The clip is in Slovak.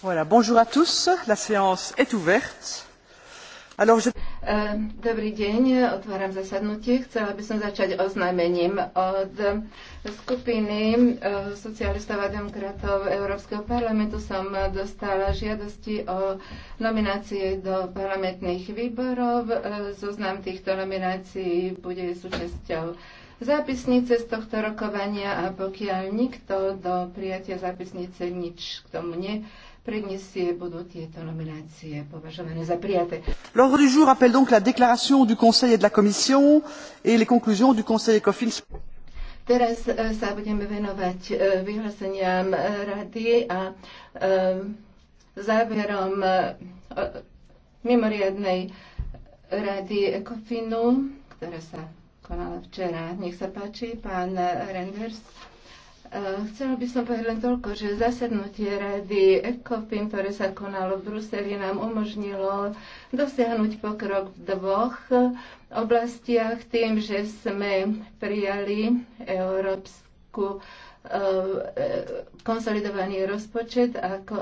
Dobrý deň, otváram zasadnutie. Chcela by som začať oznámením od skupiny socialistov a demokratov Európskeho parlamentu som dostala žiadosti o nominácie do parlamentných výborov. Zoznam týchto nominácií bude súčasťou zápisnice z tohto rokovania a pokiaľ nikto do prijatia zápisnice nič k tomu ne L'ordre du jour appelle donc la déclaration du Conseil et de la Commission et les conclusions du Conseil ECOFIN. Teraz e, sa budeme venovať e, vyhláseniam e, rady a záverom mimoriadnej rady ECOFINu, ktorá sa konala včera. Nech sa páči, pán Renders. E, chcela by som povedať len toľko, že zasadnutie rady ECOFIN, ktoré sa konalo v Bruseli, nám umožnilo dosiahnuť pokrok v dvoch oblastiach tým, že sme prijali európsku e, e, konsolidovaný rozpočet ako